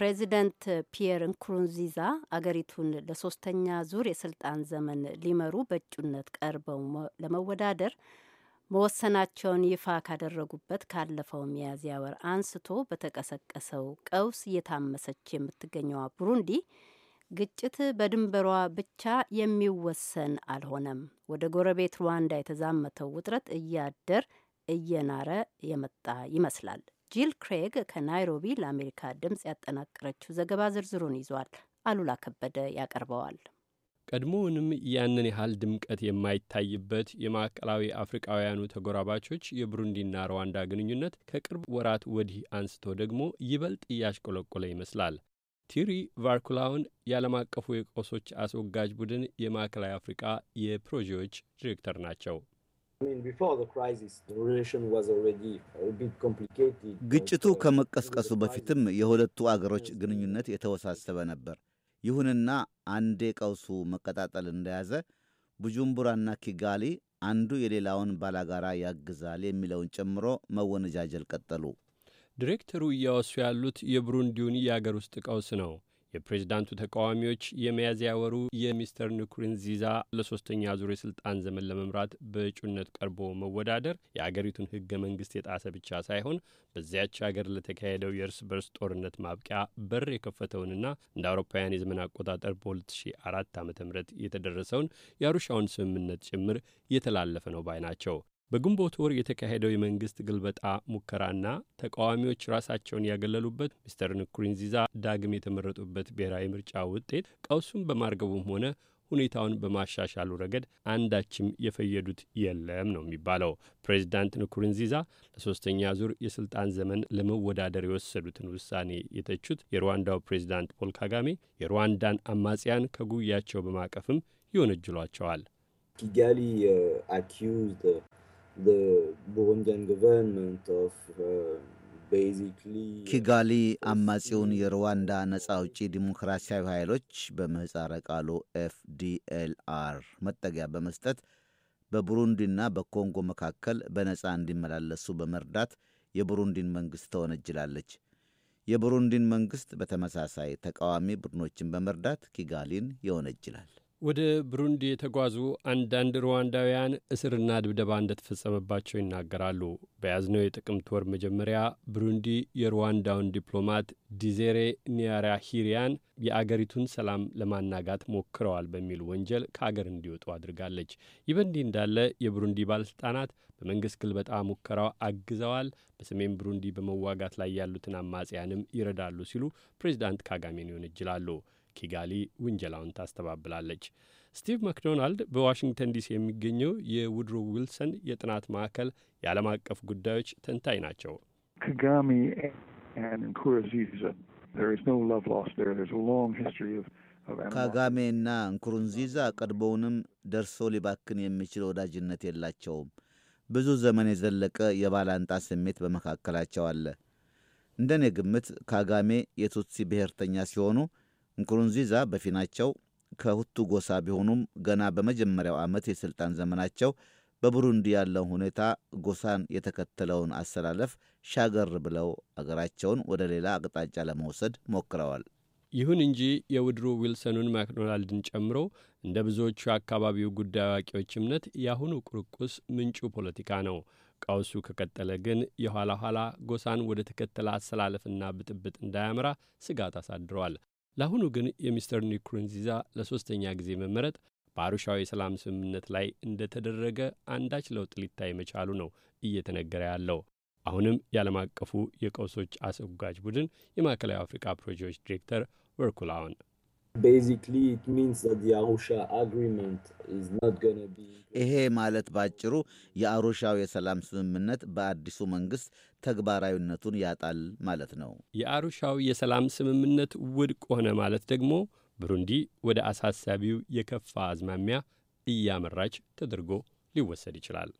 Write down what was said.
ፕሬዚደንት ፒየር እንክሩንዚዛ አገሪቱን ለሶስተኛ ዙር የስልጣን ዘመን ሊመሩ በእጩነት ቀርበው ለመወዳደር መወሰናቸውን ይፋ ካደረጉበት ካለፈው ሚያዝያ ወር አንስቶ በተቀሰቀሰው ቀውስ እየታመሰች የምትገኘዋ ቡሩንዲ ግጭት በድንበሯ ብቻ የሚወሰን አልሆነም። ወደ ጎረቤት ሩዋንዳ የተዛመተው ውጥረት እያደር እየናረ የመጣ ይመስላል። ጂል ክሬግ ከናይሮቢ ለአሜሪካ ድምፅ ያጠናቀረችው ዘገባ ዝርዝሩን ይዟል። አሉላ ከበደ ያቀርበዋል። ቀድሞውንም ያንን ያህል ድምቀት የማይታይበት የማዕከላዊ አፍሪቃውያኑ ተጎራባቾች የብሩንዲና ሩዋንዳ ግንኙነት ከቅርብ ወራት ወዲህ አንስቶ ደግሞ ይበልጥ እያሽቆለቆለ ይመስላል። ቲሪ ቫርኩላውን የዓለም አቀፉ የቆሶች አስወጋጅ ቡድን የማዕከላዊ አፍሪቃ የፕሮጀዎች ዲሬክተር ናቸው። ግጭቱ ከመቀስቀሱ በፊትም የሁለቱ አገሮች ግንኙነት የተወሳሰበ ነበር። ይሁንና አንዴ ቀውሱ መቀጣጠል እንደያዘ ቡጁምቡራና ኪጋሊ አንዱ የሌላውን ባላጋራ ያግዛል የሚለውን ጨምሮ መወነጃጀል ቀጠሉ። ዲሬክተሩ እያወሱ ያሉት የብሩንዲውን የአገር ውስጥ ቀውስ ነው። የፕሬዝዳንቱ ተቃዋሚዎች የሚያዝያ ወሩ የሚስተር ንኩሩንዚዛ ለሶስተኛ ዙር የስልጣን ዘመን ለመምራት በእጩነት ቀርቦ መወዳደር የአገሪቱን ህገ መንግስት የጣሰ ብቻ ሳይሆን በዚያች ሀገር ለተካሄደው የእርስ በርስ ጦርነት ማብቂያ በር የከፈተውንና እንደ አውሮፓውያን የዘመን አቆጣጠር በ2004 ዓ ም የተደረሰውን የአሩሻውን ስምምነት ጭምር የተላለፈ ነው ባይ ናቸው። በግንቦት ወር የተካሄደው የመንግስት ግልበጣ ሙከራና ተቃዋሚዎች ራሳቸውን ያገለሉበት ሚስተር ንኩሪንዚዛ ዳግም የተመረጡበት ብሔራዊ ምርጫ ውጤት ቀውሱን በማርገቡም ሆነ ሁኔታውን በማሻሻሉ ረገድ አንዳችም የፈየዱት የለም ነው የሚባለው። ፕሬዚዳንት ንኩሪንዚዛ ለሶስተኛ ዙር የስልጣን ዘመን ለመወዳደር የወሰዱትን ውሳኔ የተቹት የሩዋንዳው ፕሬዚዳንት ፖል ካጋሜ የሩዋንዳን አማጽያን ከጉያቸው በማቀፍም ይወነጅሏቸዋል። ኪጋሊ the Burundian government of ኪጋሊ አማጺውን የሩዋንዳ ነጻ አውጪ ዲሞክራሲያዊ ኃይሎች በምህፃረ ቃሉ ኤፍዲኤልአር መጠጊያ በመስጠት በቡሩንዲና በኮንጎ መካከል በነጻ እንዲመላለሱ በመርዳት የቡሩንዲን መንግሥት ተወነጅላለች። የቡሩንዲን መንግሥት በተመሳሳይ ተቃዋሚ ቡድኖችን በመርዳት ኪጋሊን ይወነጅላል። ወደ ብሩንዲ የተጓዙ አንዳንድ ሩዋንዳውያን እስርና ድብደባ እንደተፈጸመባቸው ይናገራሉ። በያዝነው የጥቅምት ወር መጀመሪያ ብሩንዲ የሩዋንዳውን ዲፕሎማት ዲዜሬ ኒያራሂሪያን የአገሪቱን ሰላም ለማናጋት ሞክረዋል በሚል ወንጀል ከአገር እንዲወጡ አድርጋለች። ይህ በእንዲህ እንዳለ የብሩንዲ ባለሥልጣናት በመንግሥት ግልበጣ ሙከራው አግዘዋል፣ በሰሜን ብሩንዲ በመዋጋት ላይ ያሉትን አማጽያንም ይረዳሉ ሲሉ ፕሬዚዳንት ካጋሜን ይወነጅላሉ። ኪጋሊ ውንጀላውን ታስተባብላለች። ስቲቭ ማክዶናልድ በዋሽንግተን ዲሲ የሚገኘው የውድሮ ዊልሰን የጥናት ማዕከል የዓለም አቀፍ ጉዳዮች ተንታኝ ናቸው። ካጋሜ እና እንኩሩንዚዛ ቀድሞውንም ደርሶ ሊባክን የሚችል ወዳጅነት የላቸውም። ብዙ ዘመን የዘለቀ የባላንጣ ስሜት በመካከላቸው አለ። እንደ እኔ ግምት ካጋሜ የቱትሲ ብሔርተኛ ሲሆኑ ንኩሩንዚዛ በፊናቸው ከሁቱ ጎሳ ቢሆኑም ገና በመጀመሪያው ዓመት የሥልጣን ዘመናቸው በቡሩንዲ ያለው ሁኔታ ጎሳን የተከተለውን አሰላለፍ ሻገር ብለው አገራቸውን ወደ ሌላ አቅጣጫ ለመውሰድ ሞክረዋል። ይሁን እንጂ የውድሩ ዊልሰኑን ማክዶናልድን ጨምሮ እንደ ብዙዎቹ የአካባቢው ጉዳይ አዋቂዎች እምነት የአሁኑ ቁርቁስ ምንጩ ፖለቲካ ነው። ቀውሱ ከቀጠለ ግን የኋላ ኋላ ጎሳን ወደ ተከተለ አሰላለፍና ብጥብጥ እንዳያመራ ስጋት አሳድረዋል። ለአሁኑ ግን የሚስተር ኒኩሩንዚዛ ለሦስተኛ ጊዜ መመረጥ በአሩሻው የሰላም ስምምነት ላይ እንደተደረገ አንዳች ለውጥ ሊታይ መቻሉ ነው እየተነገረ ያለው። አሁንም የዓለም አቀፉ የቀውሶች አስወጋጅ ቡድን የማዕከላዊ አፍሪካ ፕሮጀክት ዲሬክተር ወርኩላውን basically it means that ይሄ ማለት ባጭሩ የአሩሻው የሰላም ስምምነት በአዲሱ መንግስት ተግባራዊነቱን ያጣል ማለት ነው። የአሩሻው የሰላም ስምምነት ውድቅ ሆነ ማለት ደግሞ ብሩንዲ ወደ አሳሳቢው የከፋ አዝማሚያ እያመራች ተደርጎ ሊወሰድ ይችላል።